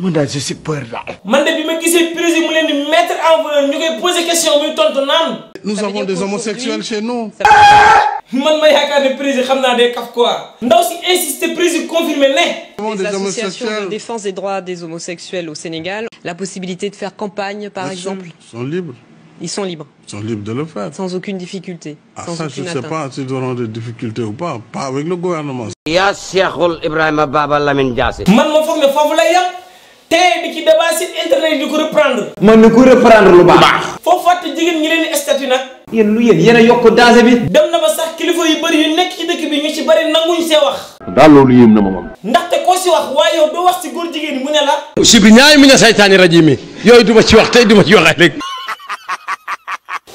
man je suis peur là. man de bi ma gisee président mu leen di mettre en valeur ñu koy poser question muy tontu naan. nous avons des homosexuels chez nous. man ma yaakaar le président xam naa day kaf quoi. ndaw si insister président confirmé ne. des associations de défense des droits des homosexuels au Sénégal. la possibilité de faire campagne par Bien exemple. Ils sont libres. Ils sont libres. Ils sont libres de le faire. Sans aucune difficulté. Ah, sans ça, je ne sais pas s'ils auront des difficultés ou pas. Pas avec le gouvernement. yaa seexul Ibrahim Baba Lamine Diassé. man ma foog ne foofu lay yàq. te di ci débat site internet di ko reprendre. man ni ko reprendre lu baax. foo fàtte jigéen ñi leen statut nag. yéen lu yéen yéen yokk danger bi. dem na ba sax kilifa yu bëri yu nekk ci dëkk bi ñu ci bëri nanguñ see wax. daal loolu yéem na ma moom. ndaxte koo si wax waaye yow doo wax si góor jigéen mu ne la. si bi ñaay mi ne saytaani rajo mi yooyu du ma ci wax tey di ma ci waxee léegi.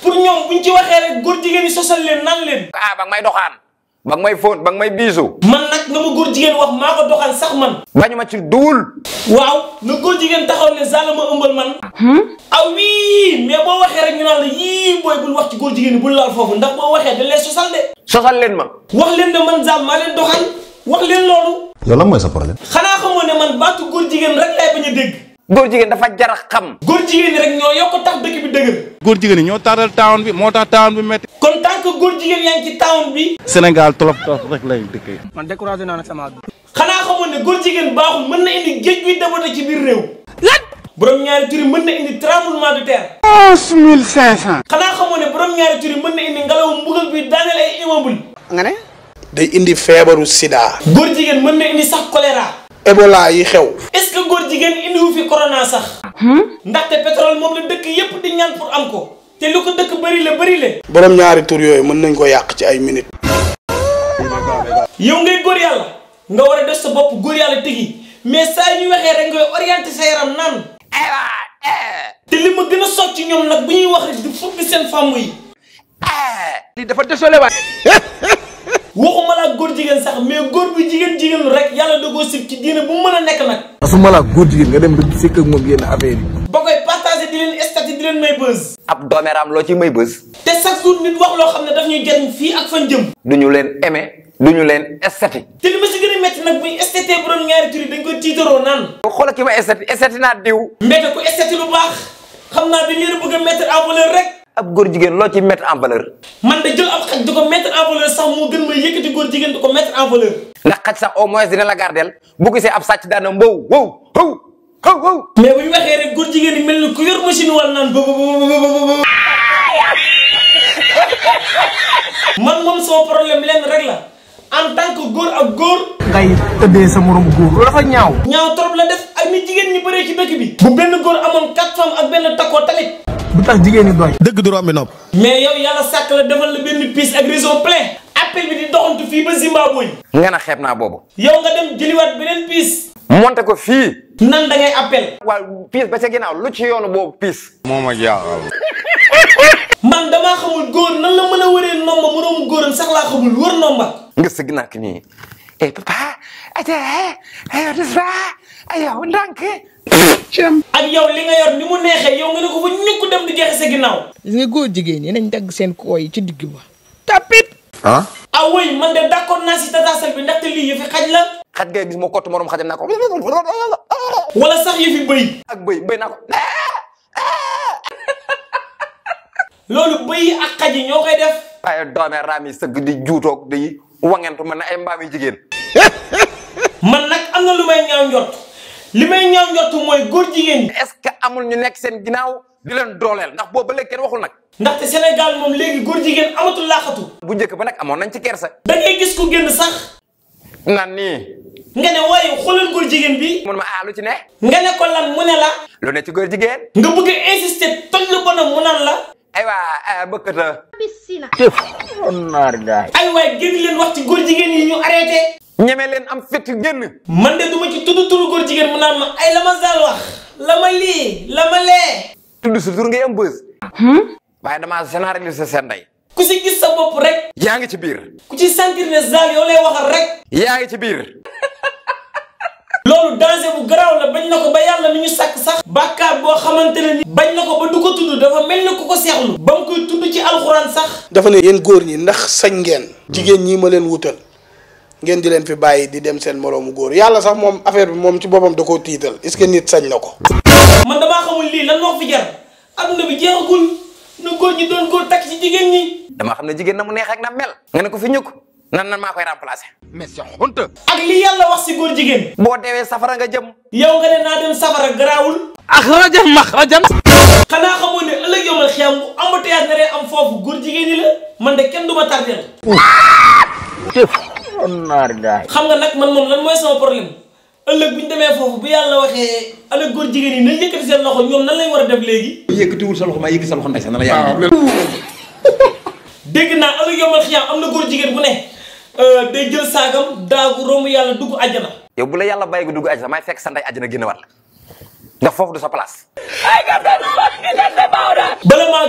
pour ñoom buñ ci waxee rek góor jigéen yi sosal leen nan leen. ah may doxaan. Bang may phone bang may bisu man nak na ma góor jigéen wax mako doxal sax man bañu ma ci dul waw na gor jigen taxaw ne zala ma eumbal man hmm? ah Awi, me bo waxe rek ñu naan la yii booy bul wax ci gor jigen bu laal fofu ndax bo waxe da lay sosal de sosal len ma wax len de man zal maa leen doxal wax len lolu yow lan moy sa problème xana xamone ne man baatu gor jigen rek lay bañu deg gor jigen dafa jarax xam gor jigen rek ñoo yok tax dëkk bi dëgër gor jigen ñoo taral town bi mo tax town bi metti kon tant que góor jigéen bi. Sénégal trop trop rek lay dëkkee. man découragé naa nag sama àdduna. xanaa xamoon ne góor jigéen baaxul mën bi dabata ci biir réew. lan. borom ñaari turi mën na indi tremblement de terre. xanaa xamoon ne borom ñaari turi mën na indi ngelaw mbugal bi daaneel ay immeuble. nga ne. day indi feebaru sida. góor jigéen mën na indi sax choléra. Ebola yi xew. est-ce que góor jigéen indiwu fi corona sax. Hmm? ndaxte pétrole moom la dëkk yépp di ñaan pour am ko. te lu ko dëkk bëri la bëri la. borom ñaari tur yooyu mën nañ ko yàq ci ay minit yow ngay góor yàlla nga war a def sa bopp góor yàlla tëgi mais saa ñu waxee rek ngay orienté sa yaram naan. Eh. te li ma gën a sot ci ñoom nag bi ñuy wax di fukki seen fàmm yi. Eh, lii dafa désolé waay. waxuma laa góor jigéen sax mais góor bu jigéen jigéen rek yàlla da koo sib ci diine bu mu mën a nekk nag. asuma laa góor jigéen nga dem ba sekk ak moom yenn affaire yi. partager di leen statut di leen may buzz. ab dooméeraam loo ci may buzz. te chaque jour nit wax loo xam ne daf ñuy ñu fii ak fan jëm. du ñu leen aimé du ñu leen statut. te li ma si gën a métti nag buy statut borom ñaari tur yi naa diw. mbete ku statut lu baax xam naa dañ leen a bëgg a mettre rek. ab góor jigéen loo ci mettre en valeur. man de jël ab xaj di ko mettre en sax moo gën may yëkkati góor jigéen di ko mettre en valeur. ndax xaj sax a moins dina la gardeel bu gisee ab sàcc daana mbow wow xaw xaw mais bu ñu waxee rek góor jigéen yi mel ni ku yor machine wal naan ba man moom sama problème lenn rek la en tant que góor ak góor ngay tëddee sa morom góor loolu dafa ñaaw ñaaw trop la def ak ni jigéen ñi bëree ci dëkk bi bu benn góor amoon quatre femmes ak benn takkoo tamit bu tax jigéen ñi doy dëgg du rombi nopp mais yow yàlla sàkk la defal la benn pièce ak réseau plein appel bi di doxantu fii ba Zimbabwe. nga na xeeb naa boobu yow nga dem jëliwaat beneen pièce monté ko fii. nan da ngay appel. waaw piis ba ca ginnaaw lu ci yoonu boobu piis. moom ak yàlla. man damaa xamul góor nan la mën a wëree nomba mënoomu góoram sax laa xamul wër nomba. nga sëgg naa ki nii. eh papa. ate ayo dis ba ayo ak yow li nga yor ni mu neexee yow nga ne ko fa ñukk dem di jeexe góor jigéen ñi nañ dagg seen koo ci digg ba. tapit. ah. ah man de d'accord naa si tasaasal bi ndaxte lii yëfi xaj la. xat gay gis mo kott morom xajam nako wala sax yefi beuy ak beuy beuy nako lolu beuy ak xaji ñokay def ay doome rami seug di juutok di wangentu man ay mbami jigen man nak amna lumay ñaaw ñort limay ñaw ñort moy gor jigen est ce que amul ñu nek sen ginaaw di len dolel ndax bo ba ken waxul nak ndax te senegal mom legui gor jigen amatu la xatu bu ñëk ba nak amon nañ ci kersa da ngay gis ku genn sax nan ni nga ne waaye xoolal góor jigéen bi. mun ma ah lu ci ne. nga ko lan mu la. lu ne ci góor jigéen. nga bëgg a insister toj lu bonam mu naan la. aywa ah, bëkkata. bisimilah. def onaar gaay. aywa génn leen wax ci góor jigéen yi ñu arrêté. ñeme leen am fett génn. man de du ma ci tudd turu góor jigéen mu naan ma ay la ma zaal wax. la ma lii la ma lee. tudd sa tur ngay am bës. Hmm? waaye damaa généraliser sa seen ku si gis sa bopp rek. yaa ngi ci biir. ku ci sentir ne zaal yoo lay waxal rek. yaa ngi ci biir. loolu danger bu garaaw la bañ na ko ba yàlla mi ñu sàkk sax bàkkaar boo xamante ne ni bañ na ko ba du ko tudd dafa mel na ku ko seexlu ba mu koy tudd ci alxuraan sax dafa ne yéen góor ñi ndax sañ ngeen jigéen ñi ma leen wutal ngeen di leen fi bàyyi di dem seen moroomu góor yàlla sax moom affaire bi moom ci boppam da koo tiital est-ce que nit sañ na ko man damaa xamul lii lan moo fi jar adduna bi jeexagul na góor ñi doon góor takk ci jigéen ñi dama xam ne jigéen na mu neex ak na nga ne ko fi ñukk nan nan makoy remplacer. mais c'est ya honte. ak li yalla wax si gor jigen bo dewe safara nga jëm. yow nga na dem safara grawul ak rajan max rajan. xanaa xamoon ne ëllëg yow man xiyam bu embouteillage naree am fofu gor jigen ñi la man de kenn tardel onnar day xam nga nak man mom lan moy sama problème ëlëk buñu démé fofu bu yalla waxé ala gor jigen ñi nañ yëkkati seen loxo ñom nan lay wara def légui léegi. wul sa loxo ma yëkkati sa loxo ndax sax na la yaa dégg na ala yomal xiyam am na góor bu ne Euh, day jël saagam daagu romb yàlla dugg àjjana. yow bu la yàlla bàyyi dugg àjjana may fekk sa ndey àjjana génn war la ndax foofu du sa place. ay bala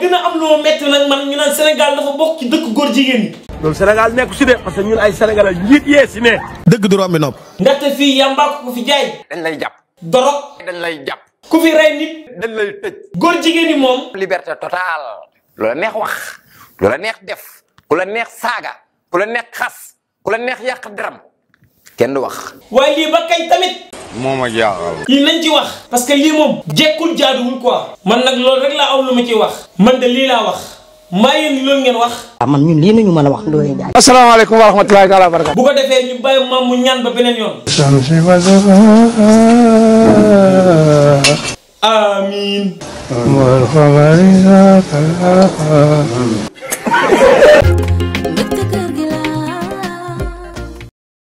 gën a am loo métti nag man ñu naan Sénégal dafa bokk ci dëkk góor jigéen ñi. loolu Sénégal nekku si de parce que ñun ay Sénégalais njiit yee si ne. dëgg du romb nopp. ndaxte fii yàmbaako ko fi jaay. dañ lay jàpp. dorog dañ lay jàpp. ku fi rey nit. dañ lay tëj. góor jigéen ñi moom. liberté totale. loola neex wax. loola neex def. ku la neex saaga. kula khas, khas yang ku yak dram kenn du wax. way li ba tamit. moma jaxal yi nañ ci wax. parce que li mom jekkul jaaduwul quoi. man nak lool rek la aw lu ma wax. man de li la wax. ngeen wax. Ah, man ñun li nañu wax do ngay assalamu alaykum wa rahmatullahi wa barakatuh bu ko defé ñu baye ñaan ba benen yoon.